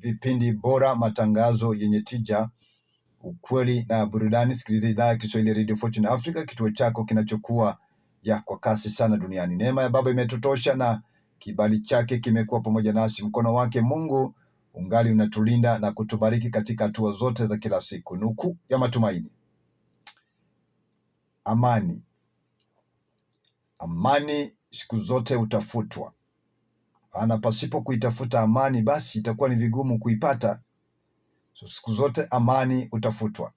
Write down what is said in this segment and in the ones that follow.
vipindi bora, matangazo yenye tija, ukweli na burudani. Sikiliza idhaa ya Kiswahili ya Radio Fortune Africa, kituo chako kinachokuwa ya kwa kasi sana duniani. Neema ya Baba imetutosha na kibali chake kimekuwa pamoja nasi. Mkono wake Mungu ungali unatulinda na kutubariki katika hatua zote za kila siku. Nukuu ya matumaini: amani, amani siku zote utafutwa, ana pasipo kuitafuta amani, basi itakuwa ni vigumu kuipata. So, siku zote amani utafutwa,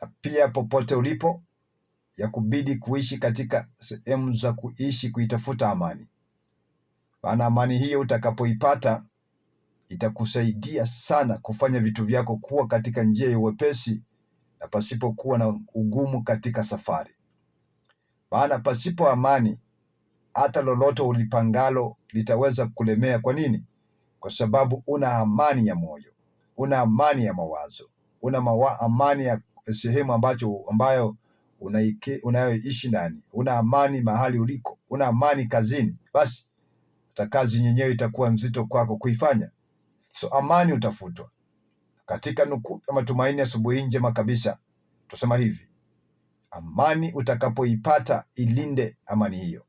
na pia popote ulipo ya kubidi kuishi katika sehemu za kuishi kuitafuta amani, maana amani hiyo utakapoipata itakusaidia sana kufanya vitu vyako kuwa katika njia ya uwepesi na pasipokuwa na ugumu katika safari, maana pasipo amani hata lolote ulipangalo litaweza kulemea Kwa nini? Kwa sababu una amani ya moyo, una amani ya mawazo, una mawa, amani ya sehemu ambacho ambayo unayoishi ndani, una amani mahali uliko, una amani kazini, basi hata kazi yenyewe itakuwa mzito kwako kuifanya. So amani utafutwa katika nukuu ya matumaini asubuhi njema kabisa, tusema hivi amani utakapoipata, ilinde amani hiyo.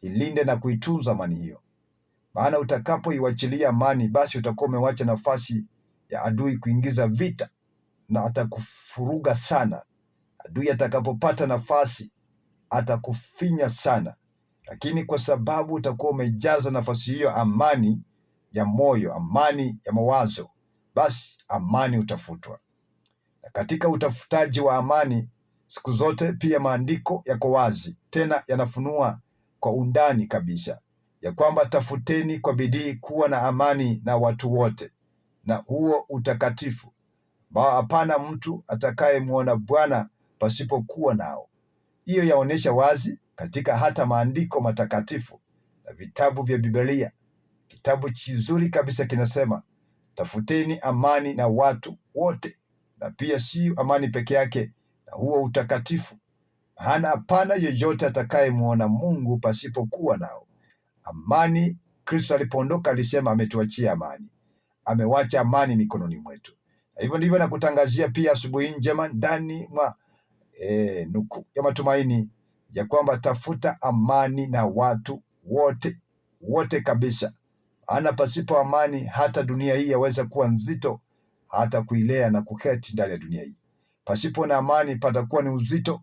Ilinde na kuitunza amani hiyo, maana utakapoiwachilia amani, basi utakuwa umewacha nafasi ya adui kuingiza vita na atakufuruga sana. Adui atakapopata nafasi atakufinya sana, lakini kwa sababu utakuwa umejaza nafasi hiyo amani ya moyo, amani ya mawazo, basi amani utafutwa. Na katika utafutaji wa amani siku zote pia maandiko yako wazi, tena yanafunua kwa undani kabisa ya kwamba tafuteni kwa bidii kuwa na amani na watu wote na huo utakatifu ambao hapana mtu atakayemwona Bwana pasipokuwa nao. Hiyo yaonyesha wazi katika hata maandiko matakatifu na vitabu vya Biblia. Kitabu kizuri kabisa kinasema tafuteni amani na watu wote, na pia si amani peke yake, na huo utakatifu hana hapana yoyote atakayemwona Mungu pasipokuwa nao. Amani Kristo alipoondoka alisema, ametuachia amani, amewacha amani mikononi mwetu. Na hivyo ndivyo nakutangazia pia asubuhi njema ndani mwa e, nukuu ya matumaini ya kwamba tafuta amani na watu wote wote kabisa, maana pasipo amani hata dunia hii yaweza kuwa nzito hata kuilea na kuketi ndani ya dunia hii. Pasipo na amani patakuwa ni uzito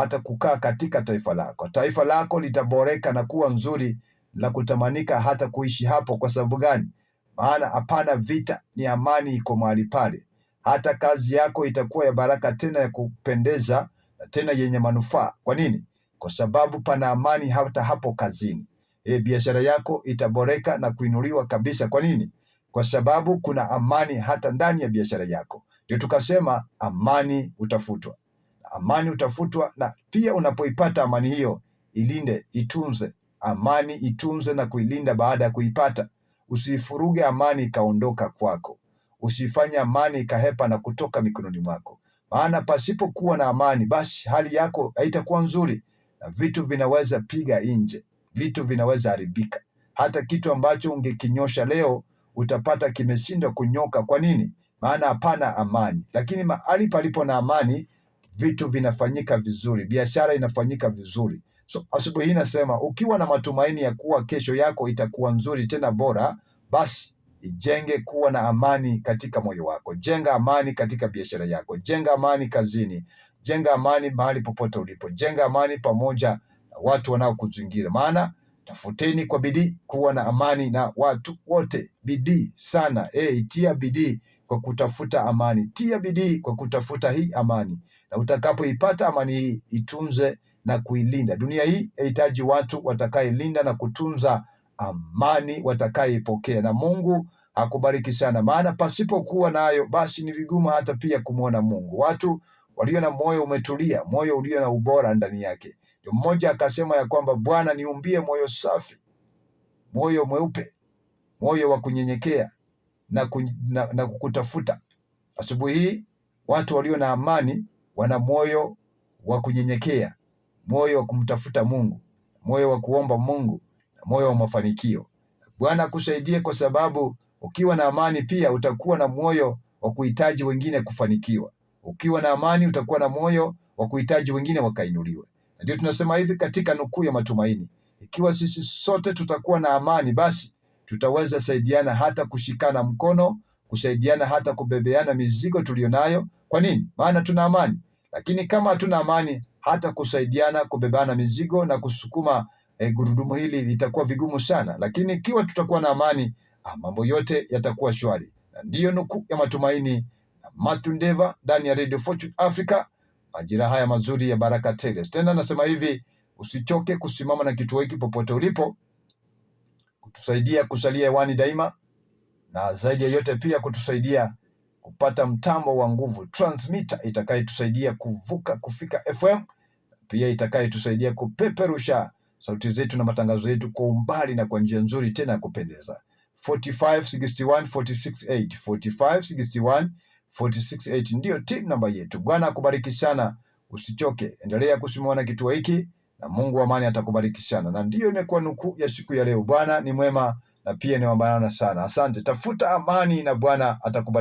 hata kukaa katika taifa lako. Taifa lako litaboreka na kuwa nzuri la kutamanika hata kuishi hapo. Kwa sababu gani? Maana hapana vita, ni amani iko mahali pale. Hata kazi yako itakuwa ya baraka, tena ya kupendeza na tena yenye manufaa. Kwa nini? Kwa sababu pana amani hata hapo kazini. E, biashara yako itaboreka na kuinuliwa kabisa. Kwa nini? Kwa sababu kuna amani hata ndani ya biashara yako. Ndio tukasema amani utafutwa amani utafutwa, na pia unapoipata amani hiyo ilinde, itunze. Amani itunze na kuilinda baada ya kuipata. Usiifuruge amani ikaondoka kwako, usiifanye amani ikahepa na kutoka mikononi mwako, maana pasipokuwa na amani, basi hali yako haitakuwa nzuri, na vitu vinaweza piga nje, vitu vinaweza haribika. Hata kitu ambacho ungekinyosha leo utapata kimeshindwa kunyoka. Kwa nini? Maana hapana amani. Lakini mahali palipo na amani vitu vinafanyika vizuri, biashara inafanyika vizuri. So asubuhi hii nasema ukiwa na matumaini ya kuwa kesho yako itakuwa nzuri tena bora, basi ijenge kuwa na amani katika moyo wako. Jenga amani katika biashara yako, jenga amani kazini, jenga amani mahali popote ulipo, jenga amani pamoja na watu wanaokuzingira. Maana tafuteni kwa bidii kuwa na amani na watu wote. Bidii sana, E, itia bidii kwa kutafuta amani. Tia bidii kwa kutafuta hii amani, na utakapoipata amani hii itunze na kuilinda. Dunia hii inahitaji watu watakayelinda na kutunza amani, watakayeipokea. Na Mungu akubariki sana, maana pasipokuwa nayo basi ni vigumu hata pia kumwona Mungu. Watu walio na moyo umetulia, moyo ulio na ubora ndani yake. Ndio mmoja akasema ya kwamba Bwana, niumbie moyo safi, moyo mweupe, moyo wa kunyenyekea na, na, na kukutafuta. Asubuhi hii watu walio na amani wana moyo wa kunyenyekea, moyo wa kumtafuta Mungu, moyo wa kuomba Mungu na moyo wa mafanikio. Bwana akusaidie, kwa sababu ukiwa na amani pia utakuwa na moyo wa kuhitaji wengine kufanikiwa. Ukiwa na amani utakuwa na moyo wa kuhitaji wengine wakainuliwe. Ndio tunasema hivi katika nukuu ya matumaini, ikiwa sisi sote tutakuwa na amani, basi tutaweza saidiana hata kushikana mkono, kusaidiana hata kubebeana mizigo tuliyonayo. Kwa nini? Maana tuna amani. Lakini kama hatuna amani, hata kusaidiana kubebana mizigo na kusukuma eh, gurudumu hili litakuwa vigumu sana. Lakini ikiwa tutakuwa na amani, ah, mambo yote yatakuwa shwari. Na ndiyo nukuu ya matumaini na Mathew Ndeva ndani ya Radio Fortune Africa, majira haya mazuri ya baraka tele. Tena nasema hivi, usichoke kusimama na kituo hiki popote ulipo kutusaidia kusalia hewani daima, na zaidi ya yote pia kutusaidia kupata mtambo wa nguvu transmitter itakayetusaidia kuvuka kufika FM, pia itakayetusaidia kupeperusha sauti zetu na matangazo yetu kwa umbali na kwa njia nzuri tena ya kupendeza. 4561468 4561468 4561 ndiyo team namba yetu. Bwana akubariki sana, usichoke, endelea kusimama na kituo hiki na Mungu wa amani atakubarikishana. Na ndiyo imekuwa nukuu ya siku ya leo. Bwana ni mwema na pia ni wambanana sana. Asante, tafuta amani na Bwana atakubariki.